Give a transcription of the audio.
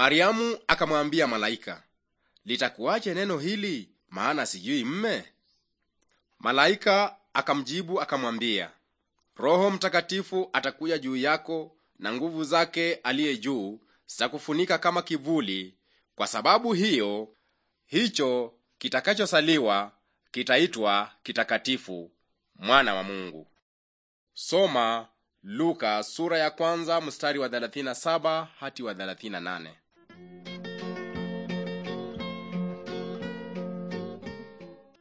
Mariamu akamwambia malaika, litakuwaje neno hili, maana sijui mme? Malaika akamjibu akamwambia, Roho Mtakatifu atakuya juu yako na nguvu zake aliye juu za kufunika kama kivuli. Kwa sababu hiyo, hicho kitakachosaliwa kitaitwa kitakatifu, mwana wa Mungu. Soma Luka sura ya kwanza mstari wa 37 hadi wa 38. Thank you.